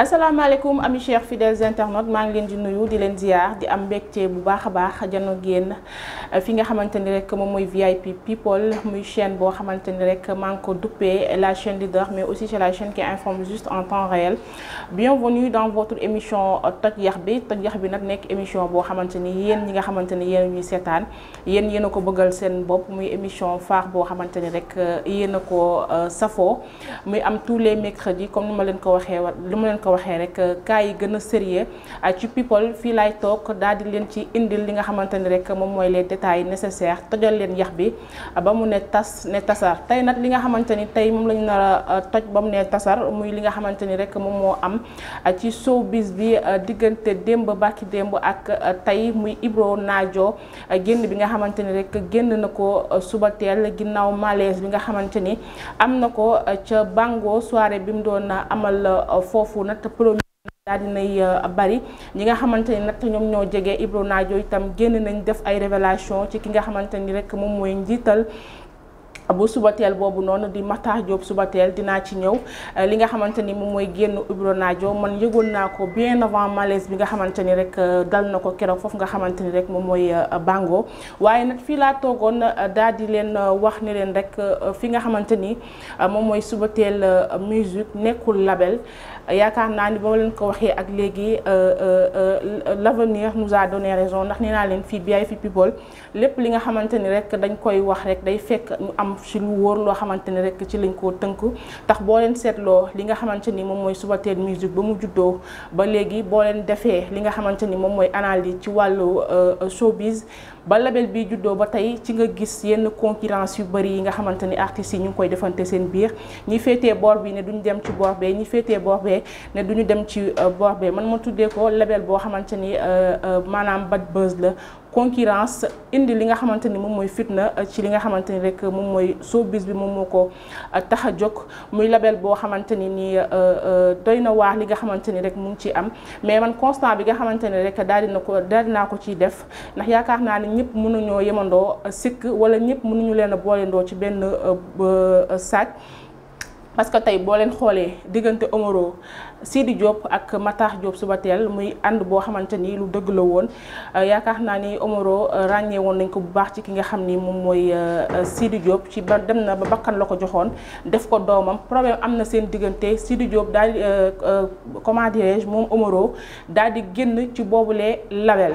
alaikum amis chers fidèles internautes maa ngi leen di nuyu di leen ziar di am mbégte bu baax a baax jano génn fi nga xamanteni rek mom moy VIP people muy chaîne bo xamanteni rek maa la chaîne leader mais aussi c'est la chaîne qui informe juste en temps réel bienvenue dans votre émission toj Yarbi, bi Yarbi yax bi émission bo xamanteni yeen ñi nga xamanteni yeen ñuy sétane yeen yeenako a ko bëggal seen bopp muy émission phare bo xamanteni que rek yeenako a ko euh, muy am tous les mercredis comme nous ma leen ko waxee li ma ko waxee rek euh, cas yi gën a sérieux euh, ci people fii laay toog daal leen ci indil li nga xamante ni rek moom mooy les détails nécessaires tojal leen yax bi euh, ba mu ne tas ne tasar tey nag li nga xamante ni tey moom la ñu nar ba mu ne tasar muy li nga xamante ni rek moom moo am ci showbiz bi diggante démb barki démb ak tey muy Ibro naajoo génn bi nga xamante ni rek génn na ko suba teel ginnaaw malaise bi nga xamante ni am na ko ca bango soirée bi mu doon amal foofu nag natt premier daal dinay euh, bari ñi nga xamante ni nag ñoom ñoo jege Ibro Nadio itam génn nañ def ay révelation ci ki nga xamante ni rek moom mooy njiital bu subateel boobu noonu di Matar Diop subateel dinaa ci ñëw euh, li nga xamante ni moom mooy génn Ibro man yëgoon naa ko bien avant malaise bi nga xamante ni rek euh, dal na ko keroog foofu nga xamante ni rek moom mooy euh, Bango waaye nag fii laa toogoon daal di leen wax ni leen rek fi nga xamante ni moom mooy subateel musique nekkul label yaakaar naa ni ba leen ko waxee ak léegi l'avenir nous a donné raison ndax nee naa leen fii biay fi people lépp li nga xamante ni rek dañ koy wax rek day fekk nu am ci lu wóor loo xamante ni rek ci lañ koo tënk tax boo leen seetloo li nga xamante ni moom mooy Subatel musique ba mu juddoo ba léegi boo leen defee li nga xamante ni moom mooy analyse ci wàllu euh, showbiz ba label bi juddoo ba tey ci nga gis yenn concurrence yu bëri yi nga xamante ni artistes yi ñu koy defante seen biir ñi féetee boor bi ne duñu dem ci boor bee ñi féetee boor bee ne duñu dem ci euh, boor bee man ma tuddee ko label boo xamante ni euh, euh, maanaam bad buzz la concurrence indi li nga xamante ni moom mooy fitna ci li nga xamante ni rek moom mooy showbiz bi moom moo ko tax a jóg muy label boo xamante ni nii doy na waax li nga xamante ni rek mu ngi ciy am mais man constant bi nga xamante ni rek daal na ko daal dinaa ko ciy def ñëpp mënuñoo yemandoo sikk wala ñëpp mënuñu leen a boolendoo ci benn euh, euh, sac parce que tey boo leen xoolee diggante Omaro Sidi Diop ak Matar Diop suba teel muy ànd boo xamante ni lu dëgg la woon euh, yaakaar naa ni Omaro ràññee woon nañ ko bu baax ci ki nga xam ni moom mooy Sidi Diop ci ba dem na ba bakkan la ko joxoon def ko doomam problème am na seen diggante Sidi Diop daal comment dirais moom Omaro daal di génn ci boobu boobulee label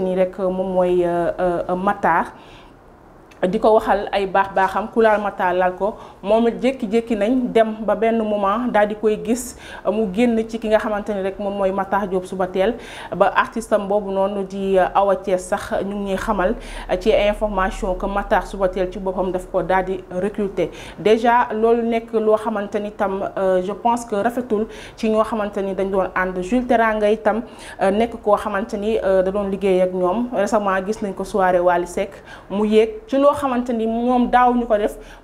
ni rek moom mooy Matar di ko waxal ay baax baaxam kulaal mata laal ko moom it jékki-jékki nañ dem ba benn moment daal di koy gis mu génn ci ki nga xamante ni rek moom mooy Matar Diop suba teel ba artiste am boobu noonu di uh, Awa Thiès sax ñu ngi ñuy xamal uh, ci information que Matar suba teel ci boppam daf ko daal di recruter déjà loolu nekk loo xamante ni tam uh, je pense que rafetul ci ñoo xamante ni dañ doon ànd Jules nga itam nekk koo xamante ni da doon liggéey ak ñoom récemment gis nañ ko soirée Wally Seck mu yéeg loo xamante ni moom daaw ñu ko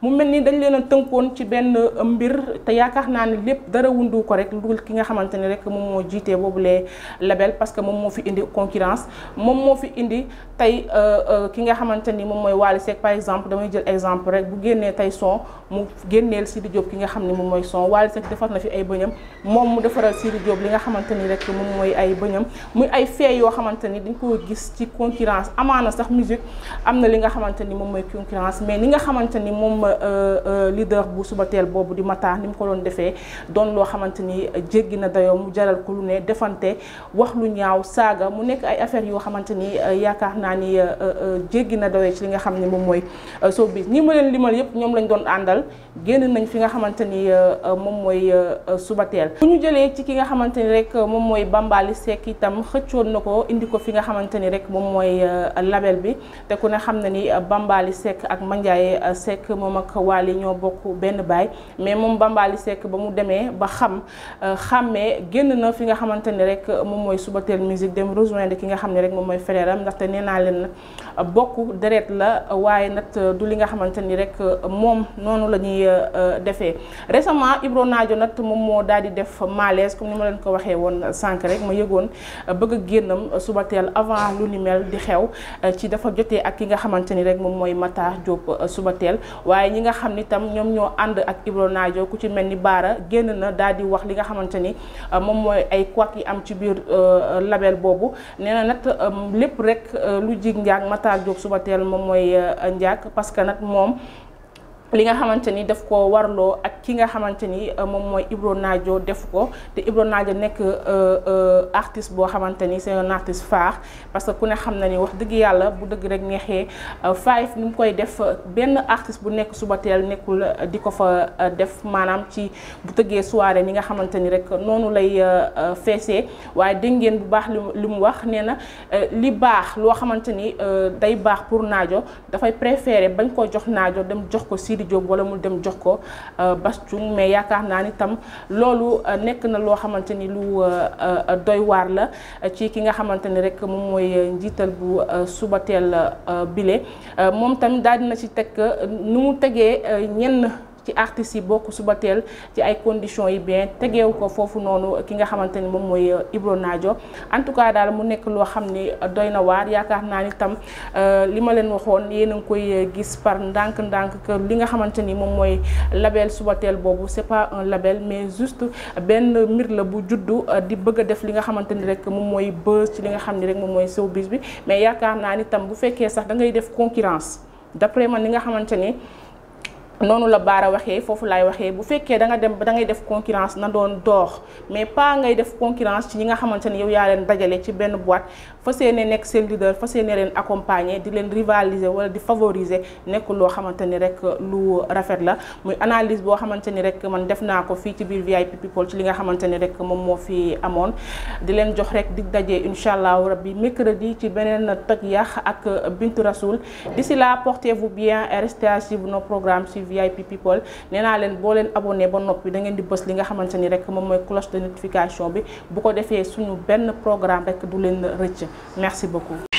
mu mel ni dañ leen a tënkoon ci benn euh, mbir te yaakaar naa ne lépp dara wundu ko rek dul ki nga xamante ni rek moom moo jiitee boobulee label parce que moom moo fi indi concurrence moom moo fi indi tey euh, euh, ki nga xamante ni moom mooy Wally Seck par exemple damay jël exemple rek bu génnee tey son mu génneel Sidi Diop ki nga xam ne moom mooy son Wally Seck defar na fi ay bëñam moom mu defaral Sidi Diop li nga xamante ni rek moom mooy ay bëñam muy ay fee yoo xamante ni dañ ko gis ci concurrence amaana sax musique am na li nga xamante moom mooy concurrence mais ni nga xamante ni moom euh, euh, leader bu suba boobu di Matar ni mu ko doon defee doon loo xamante ni jéggi na dayoo mu jaral ko lu ne defante wax lu ñaaw saaga mu nekk ay affaires yoo xamante ni euh, yaakaar naa ni jéggi na dayoo ci li nga xam ne moom mooy showbiz ñi ma leen limal yëpp ñoom lañ doon àndal génn nañ fi nga xamante ni moom mooy suba teel bu ñu jëlee ci ki nga xamante ni rek moom mooy Bambaali Seck itam xëccoon na ko indi ko fi nga xamante ni rek moom mooy labeel bi te ku ne xam na ni Bambaali Bambali Seck ak Mandiaye euh, Seck moom ak Wally ñoo bokk benn baay mais moom Bambali Seck ba mu demee ba xam euh, xàmmee génn na fi nga xamante ni rek moom mooy Subatel musique dem rejoindre ki nga xam ne rek moom mooy frère am ndaxte nee naa leen bokk deret la waaye nag du li nga xamante ni rek moom noonu la ñuy euh, defee récemment Ibro Naajo nag moom moo daal di def malaise comme ni ma leen ko waxee woon sànq rek ma yëgoon bëgg génnam Subatel avant lu ni mel di xew ci dafa jotee ak ki nga xamante rek moom mooy Matar Diop euh, suba teel waaye ñi nga xam ni tam ñoom ñoo ànd ak Ibro Naajo ku ci mel ni Baara génn na daal di wax li nga xamante ni euh, moom mooy ay couac yi am ci biir euh, label boobu nee na nag lépp rek lu jig njaag Matar Diop suba teel moom mooy njaag parce que nag moom li nga xamante ni daf ko warloo ak ki nga xamante ni euh, moom mooy Ibro naajo def ko te Ibro Nadio nekk euh, euh, artiste boo xamante ni c'est un artiste parce que ku ne xam na ni wax dëgg yàlla bu dëgg rek neexee five nu mu koy def benn artiste bu nekk suba teel nekkul di ko fa def maanaam ci bu tëggee soirée ni nga xamante ni rek noonu lay feesee waaye dégg ngeen bu baax li li mu wax nee na li baax loo xamante ni day baax pour naajo dafay préférer bañ ko jox naajo dem si di jóg wala mu dem jox ko euh, Bass Thioung mais yaakaar naa ni tam loolu euh, nekk na loo xamante ni lu euh, doy waar la ci ki nga xamante ni rek moom mooy njiital bu suba teel bile moom tam daal na ci teg nu mu tegee ñenn. ci artistes yi bokk suba teel ci ay conditions yi bien tegeewu ko foofu noonu ki nga xamante ni moom mooy euh, Ibro Nadio en tout cas daal mu nekk loo xam ni euh, doy na waar yaakaar naa ni tam euh, li ma leen waxoon yéen a ngi koy gis par ndànk-ndànk que li nga xamante ni moom mooy label suba teel boobu c'est pas un label mais juste benn mbir la bu juddu di bëgg a def li nga xamante ni rek moom mooy buzz ci li nga xam ni rek moom mooy showbiz bi mais yaakaar naa ni tam bu fekkee sax da ngay def concurrence d'après man li nga xamante ni noonu la bara waxee fofu lay waxee bu fekkee da nga dem da ngay def concurrence na doon dox mais pas ngay def concurrence ci ñi nga xamanteni yow ya len dajale ci benn boîte fassiyene nek nekk leader fassiyene len accompagner di len rivaliser wala di favoriser nek lo xamanteni rek lu rafet la muy analyse bo xamanteni rek man def naa ko fii ci biir VIP people ci li nga xamanteni rek mom mo fi amone di len jox rek dig dajé inshallah allahu rabbi mercredi ci benen tak yàq ak Bintu Rasoul d'ici là portez vous bien restez à nos programmes VIP people nee naa leen boo leen abonné ba noppi da ngeen di bës li nga xamante ni rek moom mooy cloche de notification bi bu ko defee suñu benn programme rek du leen rëcc merci beaucoup